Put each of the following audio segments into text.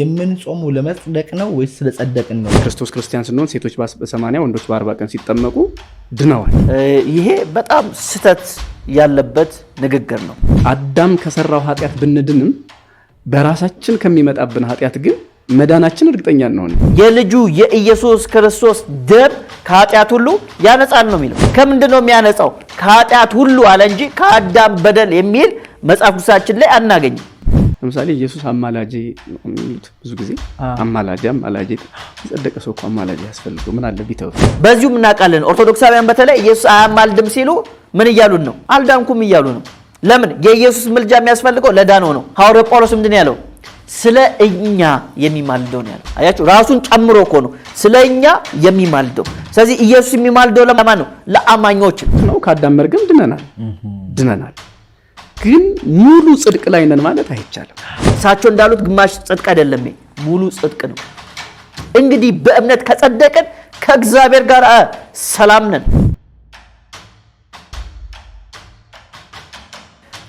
የምንጾሙ ለመጽደቅ ነው ወይስ ስለጸደቅን ነው? ክርስቶስ ክርስቲያን ስንሆን ሴቶች በሰማንያ ወንዶች በአርባ ቀን ሲጠመቁ ድነዋል። ይሄ በጣም ስህተት ያለበት ንግግር ነው። አዳም ከሰራው ኃጢአት ብንድንም በራሳችን ከሚመጣብን ኃጢአት ግን መዳናችን እርግጠኛ እንሆን። የልጁ የኢየሱስ ክርስቶስ ደም ከኃጢአት ሁሉ ያነጻል ነው የሚለው። ከምንድን ነው የሚያነጻው? ከኃጢአት ሁሉ አለ እንጂ ከአዳም በደል የሚል መጽሐፍ ቅዱሳችን ላይ አናገኝም። ለምሳሌ ኢየሱስ አማላጅ ነው የሚሉት ብዙ ጊዜ አማላጅ አማላጅ የጸደቀ ሰው እኮ አማላጅ ያስፈልገው ምን አለ ቢተው። በዚሁም እናውቃለን ኦርቶዶክሳውያን በተለይ ኢየሱስ አያማልድም ሲሉ ምን እያሉን ነው? አልዳንኩም እያሉ ነው። ለምን የኢየሱስ ምልጃ የሚያስፈልገው ለዳኖ ነው። ሐዋርያው ጳውሎስ ምንድን ያለው? ስለ እኛ የሚማልደው ነው ያለው። አያችሁ ራሱን ጨምሮ እኮ ነው ስለ እኛ የሚማልደው። ስለዚህ ኢየሱስ የሚማልደው ለማን ነው? ለአማኞች ነው። ካዳመር ግን ድነናል፣ ድነናል። ግን ሙሉ ጽድቅ ላይ ነን ማለት አይቻልም። እሳቸው እንዳሉት ግማሽ ጽድቅ አይደለም፣ ሙሉ ጽድቅ ነው። እንግዲህ በእምነት ከጸደቅን ከእግዚአብሔር ጋር ሰላም ነን።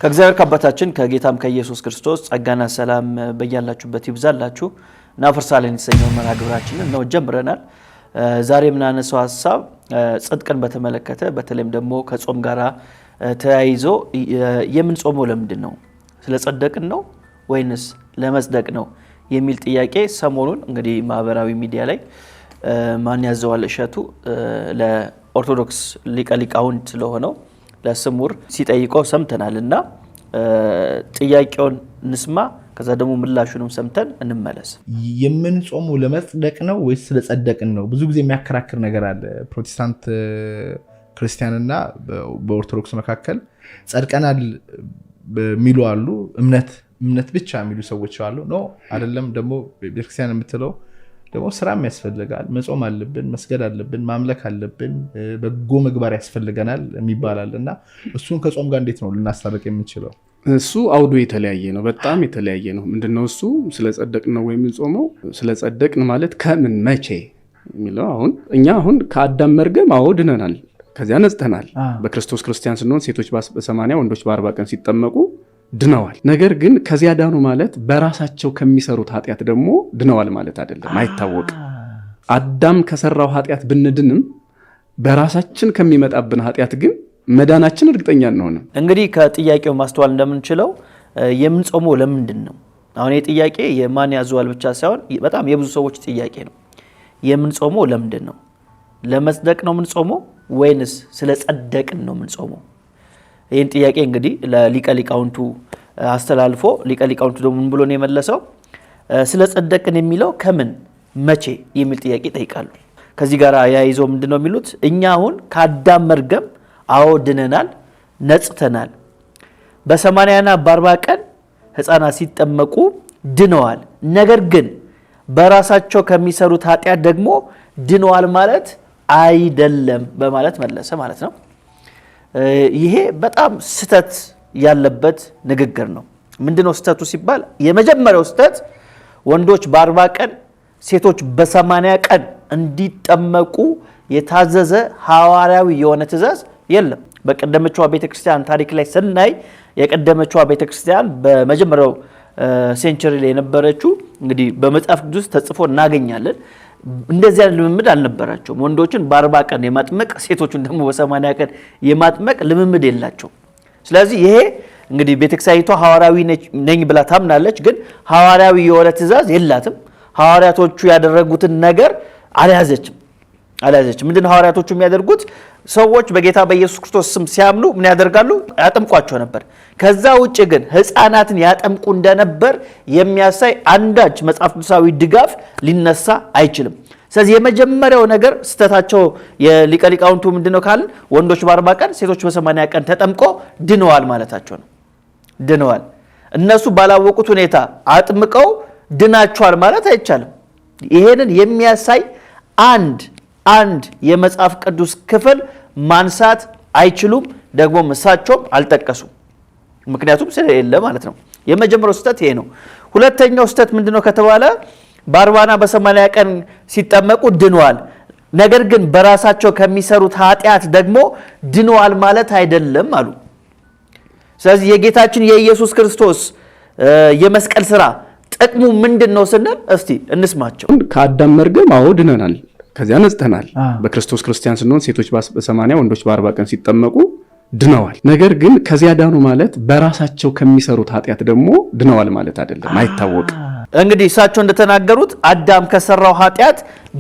ከእግዚአብሔር ከአባታችን ከጌታም ከኢየሱስ ክርስቶስ ጸጋና ሰላም በያላችሁበት ይብዛላችሁ። እናፈርሳለን የተሰኘውን መርሃ ግብራችንን ነው ጀምረናል። ዛሬ የምናነሰው ሀሳብ ጽድቅን በተመለከተ በተለይም ደግሞ ከጾም ጋር ተያይዞ የምንጾመው ለምንድን ነው? ስለ ጸደቅን ነው ወይንስ ለመጽደቅ ነው የሚል ጥያቄ ሰሞኑን እንግዲህ ማህበራዊ ሚዲያ ላይ ማን ያዘዋል እሸቱ ለኦርቶዶክስ ሊቀ ሊቃውንት ስለሆነው ለስሙር ሲጠይቀው ሰምተናል እና ጥያቄውን እንስማ፣ ከዛ ደግሞ ምላሹንም ሰምተን እንመለስ። የምንጾመው ለመጽደቅ ነው ወይስ ስለጸደቅን ነው? ብዙ ጊዜ የሚያከራክር ነገር አለ። ፕሮቴስታንት ክርስቲያንና በኦርቶዶክስ መካከል ጸድቀናል የሚሉ አሉ። እምነት እምነት ብቻ የሚሉ ሰዎች አሉ። ኖ አይደለም ደግሞ ቤተክርስቲያን የምትለው ደግሞ ስራም ያስፈልጋል። መጾም አለብን፣ መስገድ አለብን፣ ማምለክ አለብን፣ በጎ ምግባር ያስፈልገናል የሚባላል እና እሱን ከጾም ጋር እንዴት ነው ልናስታርቅ የምንችለው? እሱ አውዱ የተለያየ ነው፣ በጣም የተለያየ ነው። ምንድነው እሱ ስለጸደቅን ነው ወይም ጾመው ስለጸደቅን ማለት ከምን መቼ የሚለው አሁን እኛ አሁን ከአዳም መርገም አዎ ድነናል፣ ከዚያ ነጽተናል። በክርስቶስ ክርስቲያን ስንሆን ሴቶች በሰማንያ ወንዶች በአርባ ቀን ሲጠመቁ ድነዋል። ነገር ግን ከዚያ ዳኑ ማለት በራሳቸው ከሚሰሩት ኃጢአት ደግሞ ድነዋል ማለት አይደለም፣ አይታወቅም። አዳም ከሰራው ኃጢአት ብንድንም በራሳችን ከሚመጣብን ኃጢአት ግን መዳናችን እርግጠኛ እንሆንም። እንግዲህ ከጥያቄው ማስተዋል እንደምንችለው የምንጾመው ለምንድን ነው? አሁን ይህ ጥያቄ የማን ያዘዋል ብቻ ሳይሆን በጣም የብዙ ሰዎች ጥያቄ ነው። የምንጾመው ለምንድን ነው? ለመጽደቅ ነው የምንጾመው ወይንስ ስለ ጸደቅን ነው የምንጾመው? ይህን ጥያቄ እንግዲህ ለሊቀ ሊቃውንቱ አስተላልፎ ሊቀ ሊቃውንቱ ደግሞ ምን ብሎ ነው የመለሰው? ስለ ጸደቅን የሚለው ከምን መቼ የሚል ጥያቄ ይጠይቃሉ። ከዚህ ጋር ያይዞ ምንድን ነው የሚሉት? እኛ አሁን ከአዳም መርገም አዎ ድነናል፣ ነጽተናል። በሰማንያና በአርባ ቀን ህፃናት ሲጠመቁ ድነዋል። ነገር ግን በራሳቸው ከሚሰሩት ኃጢአት ደግሞ ድነዋል ማለት አይደለም በማለት መለሰ ማለት ነው። ይሄ በጣም ስህተት ያለበት ንግግር ነው። ምንድነው ስህተቱ ሲባል የመጀመሪያው ስህተት ወንዶች በአርባ ቀን ሴቶች በሰማንያ ቀን እንዲጠመቁ የታዘዘ ሐዋርያዊ የሆነ ትእዛዝ የለም። በቀደመችዋ ቤተክርስቲያን ታሪክ ላይ ስናይ የቀደመችዋ ቤተክርስቲያን በመጀመሪያው ሴንቸሪ ላይ የነበረችው እንግዲህ በመጽሐፍ ቅዱስ ተጽፎ እናገኛለን። እንደዚህ አይነት ልምምድ አልነበራቸውም። ወንዶችን በአርባ ቀን የማጥመቅ ሴቶችን ደግሞ በሰማንያ ቀን የማጥመቅ ልምምድ የላቸውም። ስለዚህ ይሄ እንግዲህ ቤተክርስቲያኒቷ ሐዋርያዊ ነኝ ብላ ታምናለች፣ ግን ሐዋርያዊ የሆነ ትእዛዝ የላትም። ሐዋርያቶቹ ያደረጉትን ነገር አልያዘችም። አልያዘችም። ምንድን ሐዋርያቶቹ የሚያደርጉት ሰዎች በጌታ በኢየሱስ ክርስቶስ ስም ሲያምኑ ምን ያደርጋሉ? ያጠምቋቸው ነበር። ከዛ ውጭ ግን ሕፃናትን ያጠምቁ እንደነበር የሚያሳይ አንዳች መጽሐፍ ቅዱሳዊ ድጋፍ ሊነሳ አይችልም። ስለዚህ የመጀመሪያው ነገር ስህተታቸው የሊቀ ሊቃውንቱ ምንድን ነው ካልን ወንዶች በአርባ ቀን ሴቶች በሰማንያ ቀን ተጠምቆ ድነዋል ማለታቸው ነው። ድነዋል እነሱ ባላወቁት ሁኔታ አጥምቀው ድናቸዋል ማለት አይቻልም። ይሄንን የሚያሳይ አንድ አንድ የመጽሐፍ ቅዱስ ክፍል ማንሳት አይችሉም። ደግሞ እሳቸውም አልጠቀሱም፣ ምክንያቱም ስለሌለ ማለት ነው። የመጀመሪያው ስህተት ይሄ ነው። ሁለተኛው ስህተት ምንድነው ነው ከተባለ በአርባና በሰማንያ ቀን ሲጠመቁ ድነዋል። ነገር ግን በራሳቸው ከሚሰሩት ኃጢአት ደግሞ ድነዋል ማለት አይደለም አሉ። ስለዚህ የጌታችን የኢየሱስ ክርስቶስ የመስቀል ስራ ጥቅሙ ምንድን ነው ስንል እስቲ እንስማቸው። ከአዳም መርገም አዎ ድነናል። ከዚያ ነጽተናል። በክርስቶስ ክርስቲያን ስንሆን ሴቶች በሰማንያ ወንዶች በአርባ ቀን ሲጠመቁ ድነዋል። ነገር ግን ከዚያ ዳኑ ማለት በራሳቸው ከሚሰሩት ኃጢአት ደግሞ ድነዋል ማለት አይደለም፣ አይታወቅም። እንግዲህ እሳቸው እንደተናገሩት አዳም ከሰራው ኃጢአት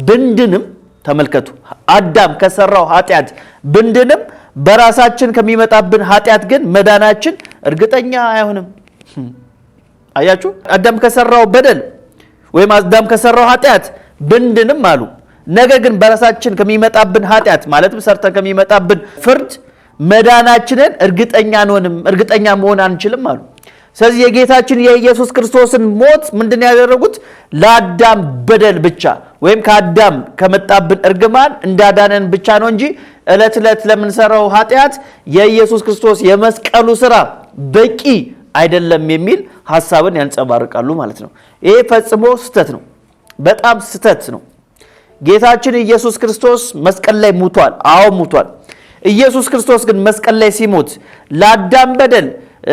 ብንድንም፣ ተመልከቱ፣ አዳም ከሰራው ኃጢአት ብንድንም በራሳችን ከሚመጣብን ኃጢአት ግን መዳናችን እርግጠኛ አይሆንም። አያችሁ፣ አዳም ከሰራው በደል ወይም አዳም ከሰራው ኃጢአት ብንድንም አሉ ነገር ግን በራሳችን ከሚመጣብን ኃጢአት ማለትም ሰርተን ከሚመጣብን ፍርድ መዳናችንን እርግጠኛ አንሆንም፣ እርግጠኛ መሆን አንችልም አሉ። ስለዚህ የጌታችን የኢየሱስ ክርስቶስን ሞት ምንድን ያደረጉት ለአዳም በደል ብቻ ወይም ከአዳም ከመጣብን እርግማን እንዳዳነን ብቻ ነው እንጂ ዕለት ዕለት ለምንሰራው ኃጢአት የኢየሱስ ክርስቶስ የመስቀሉ ስራ በቂ አይደለም የሚል ሀሳብን ያንጸባርቃሉ ማለት ነው። ይሄ ፈጽሞ ስህተት ነው፣ በጣም ስህተት ነው። ጌታችን ኢየሱስ ክርስቶስ መስቀል ላይ ሙቷል። አዎ ሙቷል። ኢየሱስ ክርስቶስ ግን መስቀል ላይ ሲሞት ለአዳም በደል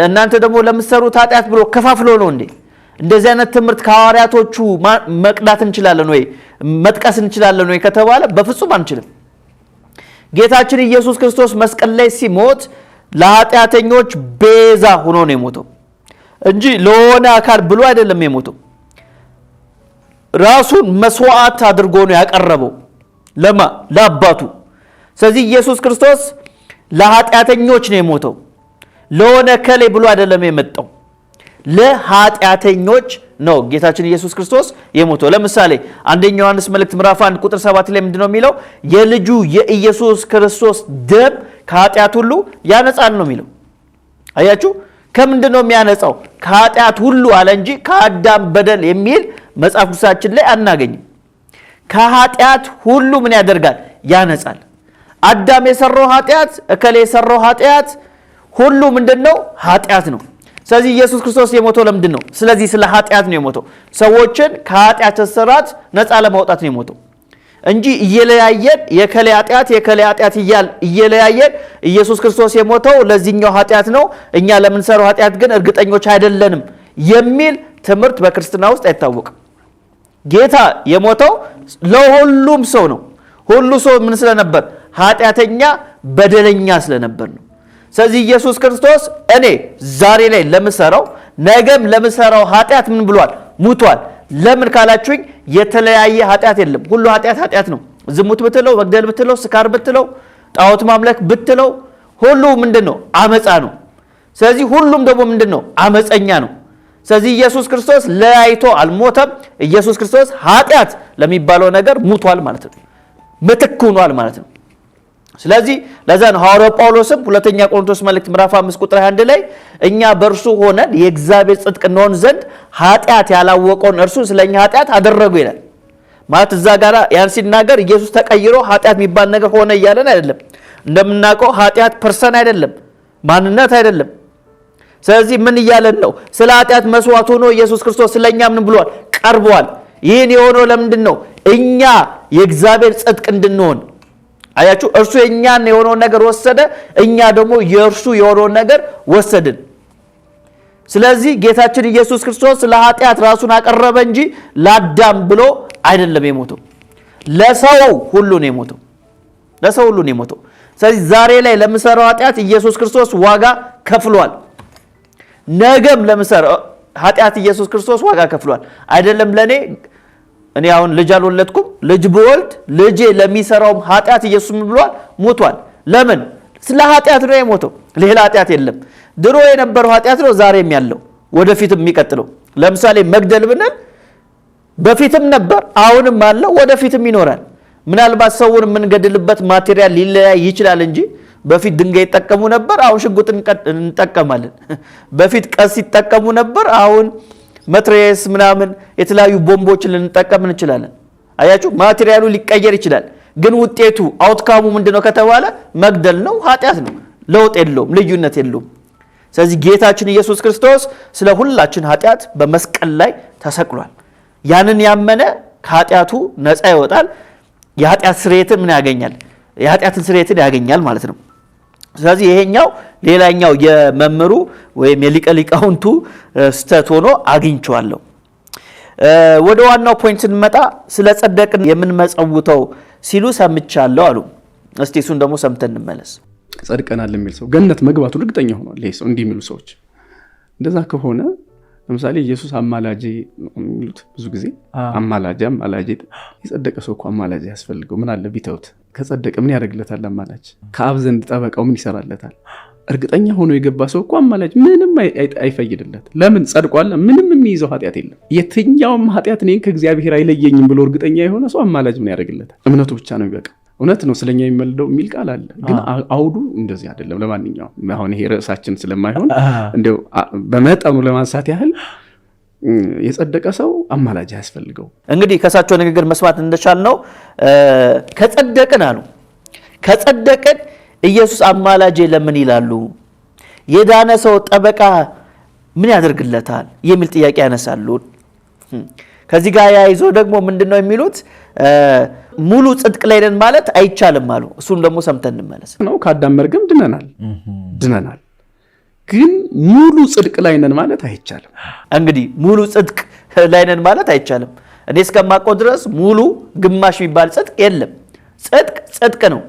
እናንተ ደግሞ ለምትሰሩት ኃጢአት ብሎ ከፋፍሎ ነው እንዴ? እንደዚህ አይነት ትምህርት ከሐዋርያቶቹ መቅዳት እንችላለን ወይ መጥቀስ እንችላለን ወይ ከተባለ በፍጹም አንችልም። ጌታችን ኢየሱስ ክርስቶስ መስቀል ላይ ሲሞት ለኃጢአተኞች ቤዛ ሆኖ ነው የሞተው እንጂ ለሆነ አካል ብሎ አይደለም የሞተው። ራሱን መስዋዕት አድርጎ ነው ያቀረበው ለማ ለአባቱ። ስለዚህ ኢየሱስ ክርስቶስ ለኃጢአተኞች ነው የሞተው። ለሆነ ከሌ ብሎ አይደለም የመጣው ለኃጢአተኞች ነው ጌታችን ኢየሱስ ክርስቶስ የሞተው። ለምሳሌ አንደኛ ዮሐንስ መልእክት ምዕራፍ 1 ቁጥር 7 ላይ ምንድነው የሚለው? የልጁ የኢየሱስ ክርስቶስ ደም ከኃጢአት ሁሉ ያነጻን ነው የሚለው። አያችሁ፣ ከምንድን ነው የሚያነጻው? ከኃጢአት ሁሉ አለ እንጂ ከአዳም በደል የሚል መጽሐፍ ቅዱሳችን ላይ አናገኝም። ከኃጢአት ሁሉ ምን ያደርጋል? ያነጻል። አዳም የሰራው ኃጢአት፣ እከሌ የሰራው ኃጢአት ሁሉ ምንድን ነው? ኃጢአት ነው። ስለዚህ ኢየሱስ ክርስቶስ የሞተው ለምንድን ነው? ስለዚህ ስለ ኃጢአት ነው የሞተው። ሰዎችን ከኃጢአት ስራት ነፃ ለማውጣት ነው የሞተው እንጂ እየለያየን የከሌ ኃጢአት የከሌ ኃጢአት እያል እየለያየን ኢየሱስ ክርስቶስ የሞተው ለዚህኛው ኃጢአት ነው፣ እኛ ለምንሰራው ኃጢአት ግን እርግጠኞች አይደለንም የሚል ትምህርት በክርስትና ውስጥ አይታወቅም። ጌታ የሞተው ለሁሉም ሰው ነው። ሁሉ ሰው ምን ስለነበር? ኃጢአተኛ በደለኛ ስለነበር ነው። ስለዚህ ኢየሱስ ክርስቶስ እኔ ዛሬ ላይ ለምሰራው ነገም ለምሰራው ኃጢአት ምን ብሏል? ሙቷል። ለምን ካላችሁኝ የተለያየ ኃጢአት የለም። ሁሉ ኃጢአት ኃጢአት ነው። ዝሙት ብትለው፣ መግደል ብትለው፣ ስካር ብትለው፣ ጣዖት ማምለክ ብትለው፣ ሁሉ ምንድን ነው? አመፃ ነው። ስለዚህ ሁሉም ደግሞ ምንድን ነው? አመፀኛ ነው። ስለዚህ ኢየሱስ ክርስቶስ ለያይቶ አልሞተም። ኢየሱስ ክርስቶስ ኃጢአት ለሚባለው ነገር ሙቷል ማለት ነው፣ ምትክ ሆኗል ማለት ነው። ስለዚህ ለዛን ነው ሐዋርያው ጳውሎስም ሁለተኛ ቆሮንቶስ መልእክት ምዕራፍ 5 ቁጥር 21 ላይ እኛ በእርሱ ሆነን የእግዚአብሔር ጽድቅ እንሆን ዘንድ ኃጢአት ያላወቀውን እርሱ ስለ እኛ ኃጢአት አደረጉ ይላል። ማለት እዛ ጋር ያን ሲናገር ኢየሱስ ተቀይሮ ኃጢአት የሚባል ነገር ሆነ እያለን አይደለም። እንደምናውቀው ኃጢአት ፐርሰን አይደለም፣ ማንነት አይደለም ስለዚህ ምን እያለን ነው? ስለ ኃጢአት መስዋዕት ሆኖ ኢየሱስ ክርስቶስ ስለኛ ምን ብሏል? ቀርቧል። ይህን የሆነው ለምንድን ነው? እኛ የእግዚአብሔር ጽድቅ እንድንሆን አያችሁ። እርሱ የእኛን የሆነውን ነገር ወሰደ፣ እኛ ደግሞ የእርሱ የሆነውን ነገር ወሰድን። ስለዚህ ጌታችን ኢየሱስ ክርስቶስ ስለ ኃጢአት ራሱን አቀረበ እንጂ ለአዳም ብሎ አይደለም የሞተው፣ ለሰው ሁሉ ነው የሞተው። ለሰው ሁሉ ነው የሞተው። ስለዚህ ዛሬ ላይ ለምሰራው ኃጢአት ኢየሱስ ክርስቶስ ዋጋ ከፍሏል። ነገም ለምሰር ኃጢአት ኢየሱስ ክርስቶስ ዋጋ ከፍሏል። አይደለም ለእኔ እኔ አሁን ልጅ አልወለድኩም። ልጅ ብወልድ ልጄ ለሚሰራውም ኃጢአት ኢየሱስ ምን ብሏል? ሞቷል። ለምን? ስለ ኃጢአት ነው የሞተው። ሌላ ኃጢአት የለም። ድሮ የነበረው ኃጢአት ነው ዛሬም ያለው ወደፊትም የሚቀጥለው። ለምሳሌ መግደል ብንል በፊትም ነበር፣ አሁንም አለ፣ ወደፊትም ይኖራል። ምናልባት ሰውን የምንገድልበት ማቴሪያል ሊለያይ ይችላል እንጂ በፊት ድንጋይ ይጠቀሙ ነበር፣ አሁን ሽጉጥ እንጠቀማለን። በፊት ቀስ ይጠቀሙ ነበር፣ አሁን መትሬስ ምናምን የተለያዩ ቦምቦችን ልንጠቀም እንችላለን። አያችሁ፣ ማቴሪያሉ ሊቀየር ይችላል፣ ግን ውጤቱ አውትካሙ ምንድነው ከተባለ መግደል ነው፣ ኃጢአት ነው። ለውጥ የለውም፣ ልዩነት የለውም። ስለዚህ ጌታችን ኢየሱስ ክርስቶስ ስለ ሁላችን ኃጢአት በመስቀል ላይ ተሰቅሏል። ያንን ያመነ ከኃጢአቱ ነፃ ይወጣል። የኃጢአት ስርየትን ምን ያገኛል? የኃጢአትን ስርየትን ያገኛል ማለት ነው። ስለዚህ ይሄኛው ሌላኛው የመምህሩ ወይም የሊቀ ሊቃውንቱ ስተት ሆኖ አግኝቸዋለሁ። ወደ ዋናው ፖይንት ስንመጣ ስለ ጸደቅን የምንመጸውተው ሲሉ ሰምቻለሁ አሉ። እስቲ እሱን ደግሞ ሰምተን እንመለስ። ጸድቀናል የሚል ሰው ገነት መግባቱን እርግጠኛ ሆኗል። ይሄ ሰው እንዲህ የሚሉ ሰዎች እንደዛ ከሆነ ለምሳሌ ኢየሱስ አማላጄ የሚሉት ብዙ ጊዜ አማላጅ አማላጅ፣ የጸደቀ ሰው እኮ አማላጅ ያስፈልገው ምን አለ ቢተውት? ከጸደቀ ምን ያደርግለታል? አማላጅ ከአብ ዘንድ ጠበቃው ምን ይሰራለታል? እርግጠኛ ሆኖ የገባ ሰው እኮ አማላጅ ምንም አይፈይድለት። ለምን ጸድቋለ፣ ምንም የሚይዘው ኃጢአት የለም። የትኛውም ኃጢአት እኔን ከእግዚአብሔር አይለየኝም ብሎ እርግጠኛ የሆነ ሰው አማላጅ ምን ያደርግለታል? እምነቱ ብቻ ነው ይበቃ እውነት ነው። ስለኛ የሚመልደው የሚል ቃል አለ፣ ግን አውዱ እንደዚህ አይደለም። ለማንኛውም አሁን ይሄ ርዕሳችን ስለማይሆን እንዲያው በመጠኑ ለማንሳት ያህል የጸደቀ ሰው አማላጅ አያስፈልገው። እንግዲህ ከእሳቸው ንግግር መስማት ነው ከጸደቅን አሉ ከጸደቅን ኢየሱስ አማላጄ ለምን ይላሉ? የዳነ ሰው ጠበቃ ምን ያደርግለታል? የሚል ጥያቄ ያነሳሉ። ከዚህ ጋር ያይዞ ደግሞ ምንድን ነው የሚሉት ሙሉ ጽድቅ ላይ ነን ማለት አይቻልም አሉ። እሱም ደግሞ ሰምተን እንመለስ ነው። ከአዳም መርገም ድነናል ድነናል፣ ግን ሙሉ ጽድቅ ላይ ነን ማለት አይቻልም። እንግዲህ ሙሉ ጽድቅ ላይ ነን ማለት አይቻልም። እኔ እስከማውቀው ድረስ ሙሉ ግማሽ የሚባል ጽድቅ የለም። ጽድቅ ጽድቅ ነው።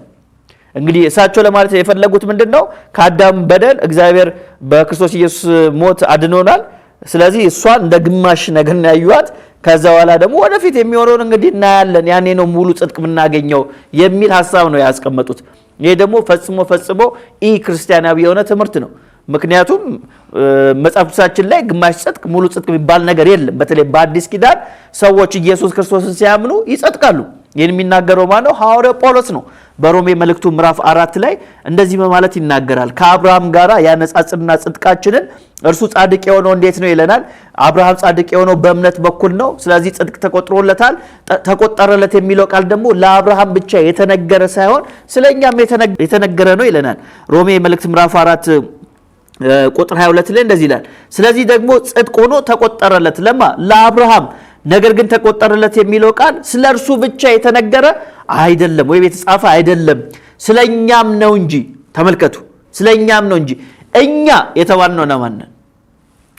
እንግዲህ እሳቸው ለማለት የፈለጉት ምንድን ነው? ከአዳም በደል እግዚአብሔር በክርስቶስ ኢየሱስ ሞት አድኖናል። ስለዚህ እሷን እንደ ግማሽ ነገር ያዩዋት ከዛ በኋላ ደግሞ ወደፊት የሚሆነውን እንግዲህ እናያለን፣ ያኔ ነው ሙሉ ጽድቅ የምናገኘው የሚል ሀሳብ ነው ያስቀመጡት። ይህ ደግሞ ፈጽሞ ፈጽሞ ኢ ክርስቲያናዊ የሆነ ትምህርት ነው። ምክንያቱም መጽሐፍ ቅዱሳችን ላይ ግማሽ ጽድቅ ሙሉ ጽድቅ የሚባል ነገር የለም። በተለይ በአዲስ ኪዳን ሰዎች ኢየሱስ ክርስቶስን ሲያምኑ ይጸድቃሉ። ይህን የሚናገረው ማነው? ሐዋርያው ጳውሎስ ነው። በሮሜ መልእክቱ ምዕራፍ አራት ላይ እንደዚህ በማለት ይናገራል። ከአብርሃም ጋር ያነጻጽርና ጽድቃችንን እርሱ ጻድቅ የሆነው እንዴት ነው ይለናል። አብርሃም ጻድቅ የሆነው በእምነት በኩል ነው። ስለዚህ ጽድቅ ተቆጥሮለታል። ተቆጠረለት የሚለው ቃል ደግሞ ለአብርሃም ብቻ የተነገረ ሳይሆን ስለእኛም የተነገረ ነው ይለናል። ሮሜ መልእክት ምዕራፍ አራት ቁጥር 22 ላይ እንደዚህ ይላል። ስለዚህ ደግሞ ጽድቅ ሆኖ ተቆጠረለት ለማ ለአብርሃም ነገር ግን ተቆጠረለት የሚለው ቃል ስለ እርሱ ብቻ የተነገረ አይደለም ወይም የተጻፈ አይደለም፣ ስለ እኛም ነው እንጂ። ተመልከቱ፣ ስለ እኛም ነው እንጂ። እኛ የተባልነው ለማን ነን?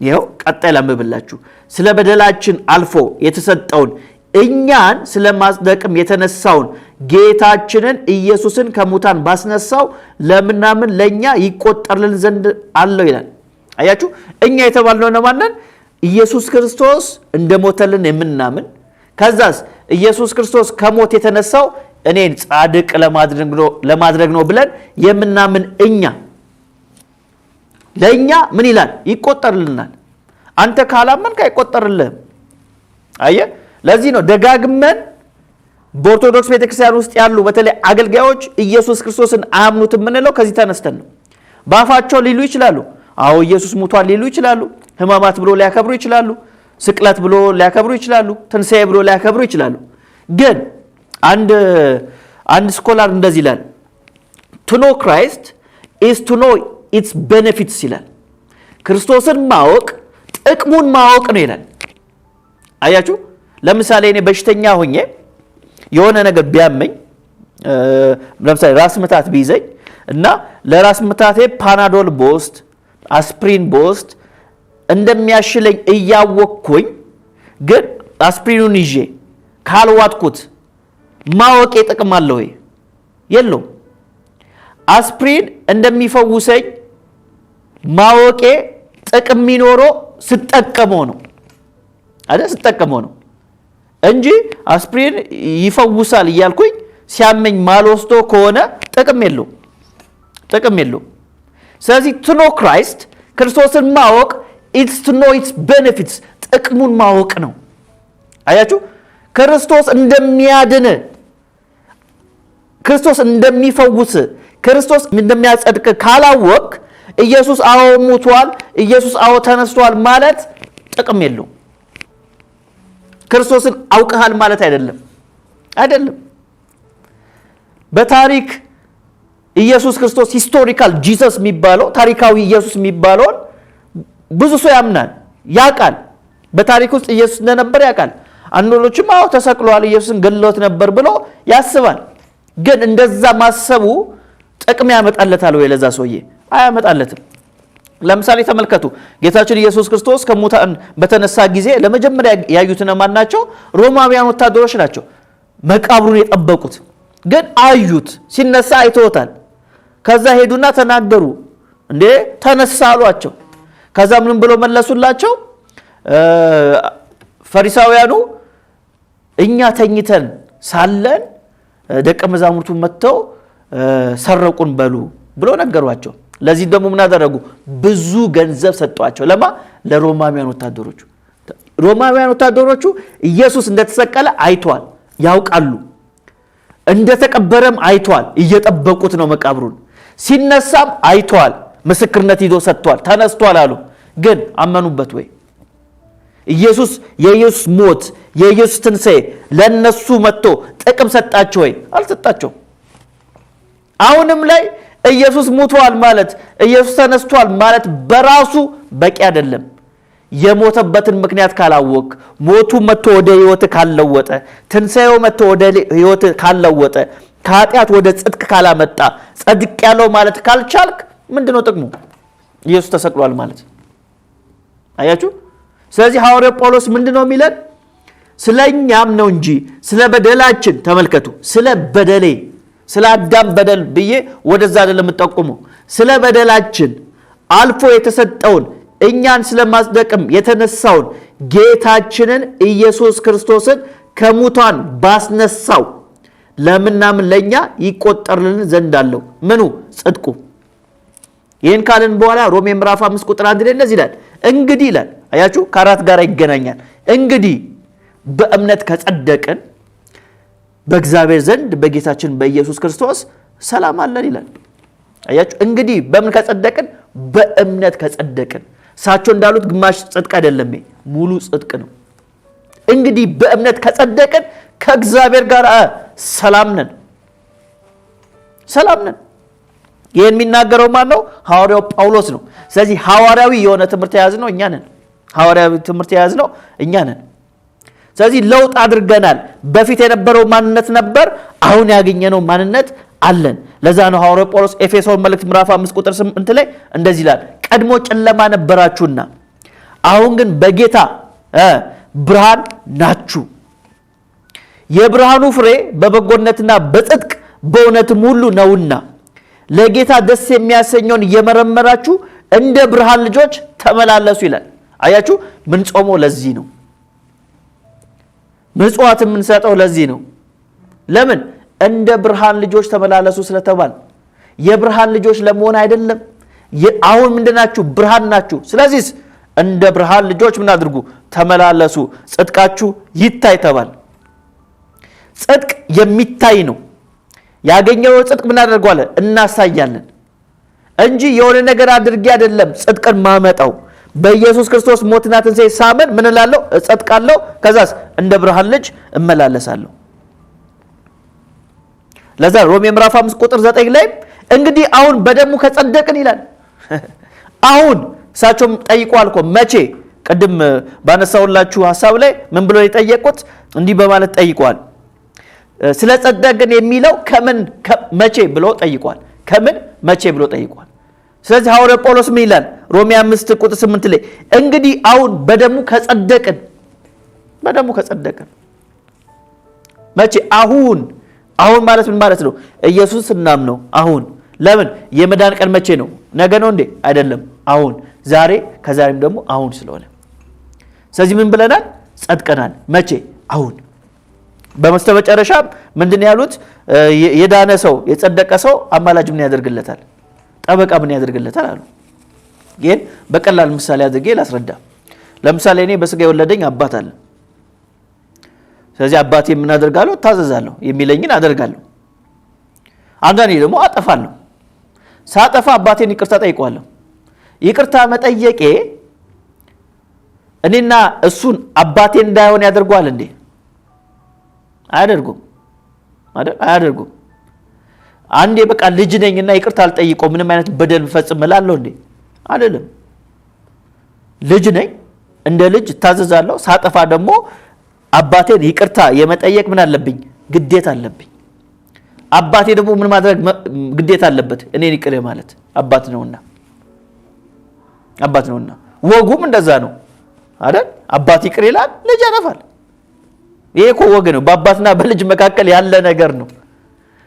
ይኸው ቀጣይ ላምብላችሁ። ስለ በደላችን አልፎ የተሰጠውን እኛን ስለ ማጽደቅም የተነሳውን ጌታችንን ኢየሱስን ከሙታን ባስነሳው ለምናምን ለእኛ ይቆጠርልን ዘንድ አለው ይላል። አያችሁ፣ እኛ የተባልነው ለማን ነን? ኢየሱስ ክርስቶስ እንደሞተልን የምናምን ከዛስ ኢየሱስ ክርስቶስ ከሞት የተነሳው እኔን ጻድቅ ለማድረግ ነው ብለን የምናምን እኛ ለእኛ ምን ይላል? ይቆጠርልናል። አንተ ካላመንክ አይቆጠርልህም። አየ ለዚህ ነው ደጋግመን በኦርቶዶክስ ቤተክርስቲያን ውስጥ ያሉ በተለይ አገልጋዮች ኢየሱስ ክርስቶስን አያምኑት የምንለው ከዚህ ተነስተን ነው። በአፋቸው ሊሉ ይችላሉ፣ አዎ ኢየሱስ ሙቷል ሊሉ ይችላሉ ህማማት ብሎ ሊያከብሩ ይችላሉ። ስቅለት ብሎ ሊያከብሩ ይችላሉ። ትንሣኤ ብሎ ሊያከብሩ ይችላሉ። ግን አንድ አንድ ስኮላር እንደዚህ ይላል ቱ ኖ ክራይስት ኢስ ቱ ኖ ኢትስ ቤኔፊትስ ይላል። ክርስቶስን ማወቅ ጥቅሙን ማወቅ ነው ይላል። አያችሁ፣ ለምሳሌ እኔ በሽተኛ ሆኜ የሆነ ነገር ቢያመኝ ለምሳሌ ራስ ምታት ቢይዘኝ እና ለራስ ምታቴ ፓናዶል ቦስት አስፕሪን ቦስት እንደሚያሽለኝ እያወቅኩኝ ግን አስፕሪኑን ይዤ ካልዋጥኩት ማወቄ ጥቅም አለ ወይ? የለውም። አስፕሪን እንደሚፈውሰኝ ማወቄ ጥቅም የሚኖረው ስጠቀመው ነው አይደል? ስጠቀመው ነው እንጂ አስፕሪን ይፈውሳል እያልኩኝ ሲያመኝ ማልወስዶ ከሆነ ጥቅም የለውም፣ ጥቅም የለውም። ስለዚህ ትኖ ክራይስት ክርስቶስን ማወቅ ኢትስ ቱ ኖ ኢትስ ቤኔፊትስ ጥቅሙን ማወቅ ነው። አያችሁ ክርስቶስ እንደሚያድን፣ ክርስቶስ እንደሚፈውስ፣ ክርስቶስ እንደሚያጸድቅ ካላወቅ ኢየሱስ አዎ ሙቷል፣ ኢየሱስ አዎ ተነስቷል ማለት ጥቅም የለው ክርስቶስን አውቀሃል ማለት አይደለም አይደለም። በታሪክ ኢየሱስ ክርስቶስ ሂስቶሪካል ጂሰስ የሚባለው ታሪካዊ ኢየሱስ የሚባለውን ብዙ ሰው ያምናል፣ ያቃል በታሪክ ውስጥ ኢየሱስ እንደነበር ያውቃል። አንዶሎችም አዎ ተሰቅሏል፣ ኢየሱስን ገለውት ነበር ብሎ ያስባል። ግን እንደዛ ማሰቡ ጥቅም ያመጣለታል ወይ ለዛ ሰውዬ? አያመጣለትም። ለምሳሌ ተመልከቱ፣ ጌታችን ኢየሱስ ክርስቶስ ከሙታን በተነሳ ጊዜ ለመጀመሪያ ያዩት እነማን ናቸው? ሮማውያን ወታደሮች ናቸው። መቃብሩን የጠበቁት ግን አዩት፣ ሲነሳ አይተውታል። ከዛ ሄዱና ተናገሩ። እንዴ ተነሳ አሏቸው። ከዛ ምንም ብለው መለሱላቸው ፈሪሳውያኑ እኛ ተኝተን ሳለን ደቀ መዛሙርቱ መጥተው ሰረቁን በሉ ብሎ ነገሯቸው። ለዚህ ደግሞ ምን አደረጉ? ብዙ ገንዘብ ሰጧቸው። ለማ ለሮማውያን ወታደሮቹ። ሮማውያን ወታደሮቹ ኢየሱስ እንደተሰቀለ አይቷል፣ ያውቃሉ። እንደተቀበረም አይቷል፣ እየጠበቁት ነው መቃብሩን። ሲነሳም አይቷል። ምስክርነት ይዞ ሰጥቷል፣ ተነስቷል አሉ። ግን አመኑበት ወይ? ኢየሱስ የኢየሱስ ሞት የኢየሱስ ትንሣኤ ለእነሱ መጥቶ ጥቅም ሰጣቸው ወይ? አልሰጣቸው። አሁንም ላይ ኢየሱስ ሙቷል ማለት ኢየሱስ ተነስቷል ማለት በራሱ በቂ አይደለም። የሞተበትን ምክንያት ካላወቅ፣ ሞቱ መጥቶ ወደ ህይወት ካልለወጠ ትንሣኤው መጥቶ ወደ ህይወት ካልለወጠ ከኃጢአት ወደ ጽድቅ ካላመጣ፣ ጸድቅ ያለው ማለት ካልቻልክ ምንድን ነው ጥቅሙ? ኢየሱስ ተሰቅሏል ማለት አያችሁ። ስለዚህ ሐዋርያው ጳውሎስ ምንድን ነው የሚለን? ስለ እኛም ነው እንጂ ስለ በደላችን ተመልከቱ። ስለ በደሌ ስለ አዳም በደል ብዬ ወደዛ አይደለም የምጠቁመው። ስለ በደላችን አልፎ የተሰጠውን እኛን ስለማጽደቅም የተነሳውን ጌታችንን ኢየሱስ ክርስቶስን ከሙታን ባስነሳው ለምናምን ለእኛ ይቆጠርልን ዘንድ አለው ምኑ ጽድቁ ይህን ካልን በኋላ ሮሜ ምዕራፍ አምስት ቁጥር አንድ ላይ እንደዚህ ይላል፣ እንግዲህ ይላል። አያችሁ ከአራት ጋር ይገናኛል። እንግዲህ በእምነት ከጸደቅን በእግዚአብሔር ዘንድ በጌታችን በኢየሱስ ክርስቶስ ሰላም አለን ይላል። አያችሁ እንግዲህ በምን ከጸደቅን? በእምነት ከጸደቅን። እሳቸው እንዳሉት ግማሽ ጽድቅ አይደለም፣ ሙሉ ጽድቅ ነው። እንግዲህ በእምነት ከጸደቅን ከእግዚአብሔር ጋር ሰላም ነን፣ ሰላም ነን። ይህን የሚናገረው ማን ነው? ሐዋርያው ጳውሎስ ነው። ስለዚህ ሐዋርያዊ የሆነ ትምህርት የያዝ ነው እኛ ነን። ሐዋርያዊ ትምህርት የያዝ ነው እኛ ነን። ስለዚህ ለውጥ አድርገናል። በፊት የነበረው ማንነት ነበር፣ አሁን ያገኘነው ማንነት አለን። ለዛ ነው ሐዋርያው ጳውሎስ ኤፌሶን መልእክት ምዕራፍ 5 ቁጥር 8 ላይ እንደዚህ ይላል፣ ቀድሞ ጨለማ ነበራችሁና አሁን ግን በጌታ ብርሃን ናችሁ። የብርሃኑ ፍሬ በበጎነትና በጽድቅ በእውነትም ሁሉ ነውና ለጌታ ደስ የሚያሰኘውን እየመረመራችሁ እንደ ብርሃን ልጆች ተመላለሱ ይላል። አያችሁ፣ ምንጾመው ለዚህ ነው። ምጽዋት የምንሰጠው ለዚህ ነው። ለምን እንደ ብርሃን ልጆች ተመላለሱ ስለተባል የብርሃን ልጆች ለመሆን አይደለም። አሁን ምንድናችሁ? ብርሃን ናችሁ። ስለዚህ እንደ ብርሃን ልጆች ምን አድርጉ? ተመላለሱ፣ ጽድቃችሁ ይታይ ተባል። ጽድቅ የሚታይ ነው። ያገኘው ጽድቅ ምን አደርገዋለን? እናሳያለን እንጂ የሆነ ነገር አድርጌ አይደለም ጽድቅን ማመጣው በኢየሱስ ክርስቶስ ሞትና ትንሴ ሳመን ምን እላለሁ? እጸድቃለሁ። ከዛስ እንደ ብርሃን ልጅ እመላለሳለሁ። ለዛ ሮሜ ምዕራፍ 5 ቁጥር 9 ላይ እንግዲህ አሁን በደሙ ከጸደቅን ይላል። አሁን እሳቸውም ጠይቆ አልኮ መቼ? ቅድም ባነሳውላችሁ ሀሳብ ላይ ምን ብሎ የጠየቁት እንዲህ በማለት ጠይቋል። ስለ ጸደቅ ግን የሚለው ከምን መቼ ብሎ ጠይቋል። ከምን መቼ ብሎ ጠይቋል። ስለዚህ ሐዋርያ ጳውሎስ ምን ይላል? ሮሜ 5 ቁጥር ስምንት ላይ እንግዲህ አሁን በደሙ ከጸደቅን በደሙ ከጸደቅን መቼ? አሁን አሁን ማለት ምን ማለት ነው? ኢየሱስ ነው አሁን። ለምን የመዳን ቀን መቼ ነው? ነገ ነው እንዴ? አይደለም፣ አሁን፣ ዛሬ፣ ከዛሬም ደግሞ አሁን ስለሆነ ስለዚህ ምን ብለናል? ጸድቀናል። መቼ? አሁን በመስተመጨረሻ ምንድን ያሉት የዳነ ሰው የጸደቀ ሰው አማላጅ ምን ያደርግለታል? ጠበቃ ምን ያደርግለታል አሉ። ይህን በቀላል ምሳሌ አድርጌ ላስረዳ። ለምሳሌ እኔ በስጋ የወለደኝ አባት አለ። ስለዚህ አባቴ የምናደርጋለሁ፣ ታዘዛለሁ እታዘዛለሁ፣ የሚለኝን አደርጋለሁ። አንዳንዴ ደግሞ አጠፋለሁ። ሳጠፋ አባቴን ይቅርታ ጠይቋለሁ። ይቅርታ መጠየቄ እኔና እሱን አባቴ እንዳይሆን ያደርገዋል እንዴ? አያደርጉም አያደርጉም። አንዴ በቃ ልጅ ነኝና ይቅርታ አልጠይቀው ምንም አይነት በደል ፈጽም እላለሁ እንዴ? አይደለም። ልጅ ነኝ፣ እንደ ልጅ እታዘዛለሁ። ሳጠፋ ደግሞ አባቴን ይቅርታ የመጠየቅ ምን አለብኝ? ግዴታ አለብኝ። አባቴ ደግሞ ምን ማድረግ ግዴታ አለበት? እኔን ይቅር ማለት አባት ነውና አባት ነውና፣ ወጉም እንደዛ ነው አይደል? አባት ይቅር ይላል፣ ልጅ ያጠፋል። ይሄ እኮ ወግ ነው፣ በአባትና በልጅ መካከል ያለ ነገር ነው።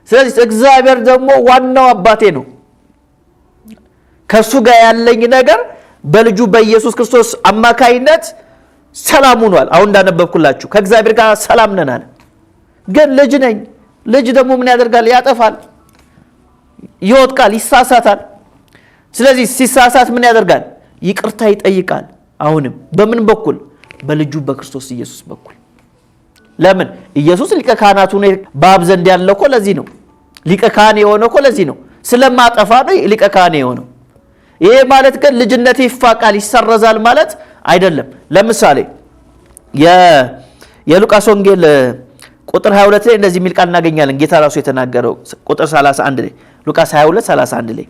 ስለዚህ እግዚአብሔር ደግሞ ዋናው አባቴ ነው። ከእሱ ጋር ያለኝ ነገር በልጁ በኢየሱስ ክርስቶስ አማካይነት ሰላም ሆኗል። አሁን እንዳነበብኩላችሁ ከእግዚአብሔር ጋር ሰላም ነን አለ። ግን ልጅ ነኝ። ልጅ ደግሞ ምን ያደርጋል? ያጠፋል፣ ይወድቃል፣ ይሳሳታል። ስለዚህ ሲሳሳት ምን ያደርጋል? ይቅርታ ይጠይቃል። አሁንም በምን በኩል? በልጁ በክርስቶስ ኢየሱስ በኩል ለምን ኢየሱስ ሊቀ ካህናት ሆኖ በአብ ዘንድ ያለው እኮ ለዚህ ነው። ሊቀ ካህን የሆነ እኮ ለዚህ ነው። ስለማጠፋ ነው ሊቀ ካህን የሆነው። ይሄ ማለት ግን ልጅነት ይፋቃል ይሰረዛል ማለት አይደለም። ለምሳሌ የሉቃስ ወንጌል ቁጥር 22 ላይ እንደዚህ የሚል ቃል እናገኛለን። ጌታ ራሱ የተናገረው ቁጥር 31 ላይ ሉቃስ 22 31 ላይ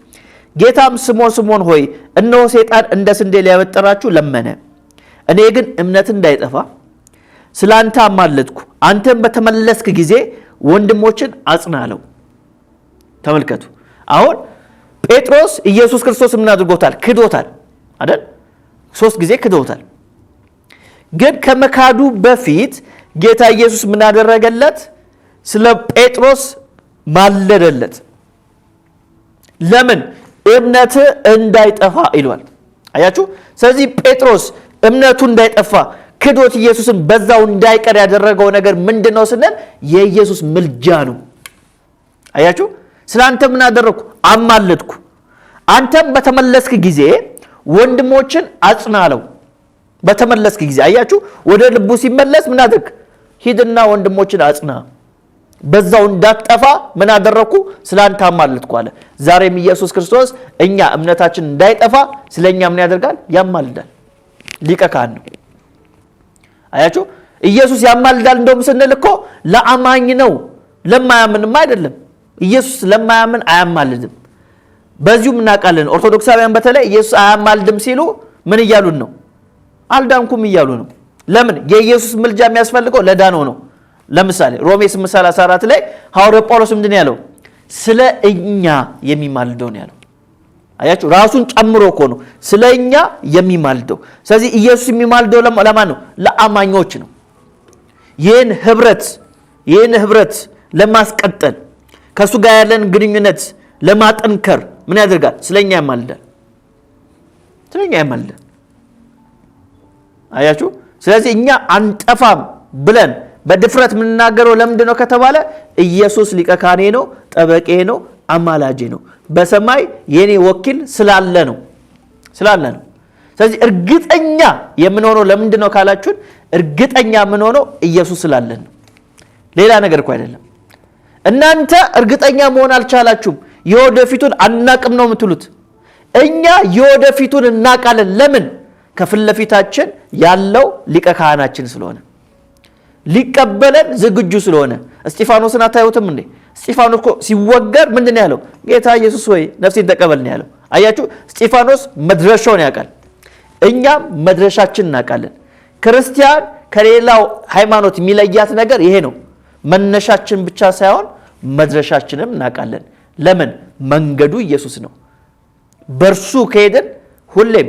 ጌታም ስሞን ስሞን ሆይ እነሆ ሴጣን እንደ ስንዴ ሊያበጥራችሁ ለመነ፣ እኔ ግን እምነት እንዳይጠፋ ስለ አንተ አማለድኩ፣ አንተም በተመለስክ ጊዜ ወንድሞችን አጽና አለው። ተመልከቱ አሁን ጴጥሮስ ኢየሱስ ክርስቶስ ምን አድርጎታል? ክዶታል አይደል? ሶስት ጊዜ ክዶታል። ግን ከመካዱ በፊት ጌታ ኢየሱስ ምን አደረገለት? ስለ ጴጥሮስ ማለደለት። ለምን እምነትህ እንዳይጠፋ ይሏል። አያችሁ። ስለዚህ ጴጥሮስ እምነቱ እንዳይጠፋ ክዶት ኢየሱስን በዛው እንዳይቀር ያደረገው ነገር ምንድን ነው ስንል የኢየሱስ ምልጃ ነው። አያችሁ፣ ስለ አንተ ምን አደረግኩ? አማለጥኩ አንተም በተመለስክ ጊዜ ወንድሞችን አጽና አለው። በተመለስክ ጊዜ አያችሁ፣ ወደ ልቡ ሲመለስ ምን አድርግ? ሂድና ወንድሞችን አጽና፣ በዛው እንዳትጠፋ ምን አደረግኩ? ስለ አንተ አማልጥኩ አለ። ዛሬም ኢየሱስ ክርስቶስ እኛ እምነታችን እንዳይጠፋ ስለ እኛ ምን ያደርጋል? ያማልዳል። ሊቀ ካህን ነው። አያችሁ፣ ኢየሱስ ያማልዳል። እንደውም ስንል እኮ ለአማኝ ነው፣ ለማያምንም አይደለም። ኢየሱስ ለማያምን አያማልድም። በዚሁም እናውቃለን። ኦርቶዶክሳውያን በተለይ ኢየሱስ አያማልድም ሲሉ ምን እያሉን ነው? አልዳንኩም እያሉ ነው። ለምን? የኢየሱስ ምልጃ የሚያስፈልገው ለዳኖ ነው። ለምሳሌ ሮሜ 834 ላይ ሐዋርያ ጳውሎስ ምንድን ያለው? ስለ እኛ የሚማልደው ነው ያለው። አያችሁ ራሱን ጨምሮ እኮ ነው ስለኛ የሚማልደው። ስለዚህ ኢየሱስ የሚማልደው ለማን ነው? ለአማኞች ነው። ይህን ህብረት ይህን ህብረት ለማስቀጠል ከእሱ ጋር ያለን ግንኙነት ለማጠንከር ምን ያደርጋል? ስለኛ ያማልዳል። እኛ ያማልዳል። አያችሁ። ስለዚህ እኛ አንጠፋም ብለን በድፍረት የምንናገረው ለምንድን ነው ከተባለ ኢየሱስ ሊቀ ካህኔ ነው፣ ጠበቄ ነው አማላጄ ነው። በሰማይ የኔ ወኪል ስላለ ነው ስላለ ነው። ስለዚህ እርግጠኛ የምንሆነው ለምንድን ነው ካላችሁን፣ እርግጠኛ የምንሆነው ኢየሱስ ስላለን ነው። ሌላ ነገር እኮ አይደለም። እናንተ እርግጠኛ መሆን አልቻላችሁም። የወደፊቱን አናቅም ነው የምትሉት። እኛ የወደፊቱን እናቃለን። ለምን? ከፊት ለፊታችን ያለው ሊቀ ካህናችን ስለሆነ ሊቀበለን ዝግጁ ስለሆነ። እስጢፋኖስን አታዩትም እንዴ? እስጢፋኖስ እኮ ሲወገር ምንድን ያለው? ጌታ ኢየሱስ ወይ ነፍሴ ይተቀበል ነው ያለው። አያችሁ፣ እስጢፋኖስ መድረሻውን ያውቃል። እኛም መድረሻችን እናውቃለን። ክርስቲያን ከሌላው ሃይማኖት የሚለያት ነገር ይሄ ነው። መነሻችን ብቻ ሳይሆን መድረሻችንም እናውቃለን። ለምን? መንገዱ ኢየሱስ ነው። በእርሱ ከሄድን ሁሌም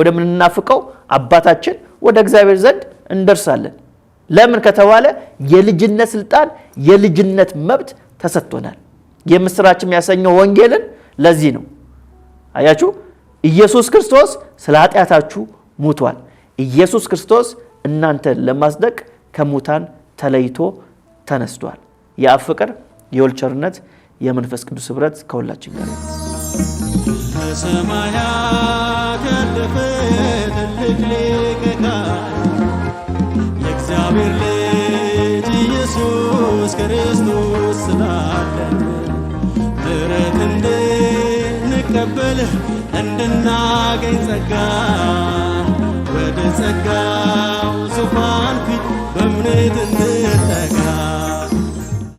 ወደምንናፍቀው አባታችን ወደ እግዚአብሔር ዘንድ እንደርሳለን። ለምን ከተባለ የልጅነት ስልጣን የልጅነት መብት ተሰጥቶናል። የምስራች የሚያሰኘው ወንጌልን ለዚህ ነው። አያችሁ፣ ኢየሱስ ክርስቶስ ስለ ኃጢአታችሁ ሙቷል። ኢየሱስ ክርስቶስ እናንተን ለማጽደቅ ከሙታን ተለይቶ ተነስቷል። የአብ ፍቅር፣ የወልድ ቸርነት፣ የመንፈስ ቅዱስ ኅብረት ከሁላችን ጋር ከሰማይ ትልቅ የእግዚአብሔር ክርስቶስ ስላለን ምሕረት እንድንቀበል እንድናገኝ ጸጋ ወደ ጸጋው ዙፋን ፊት በእምነት እንጠጋ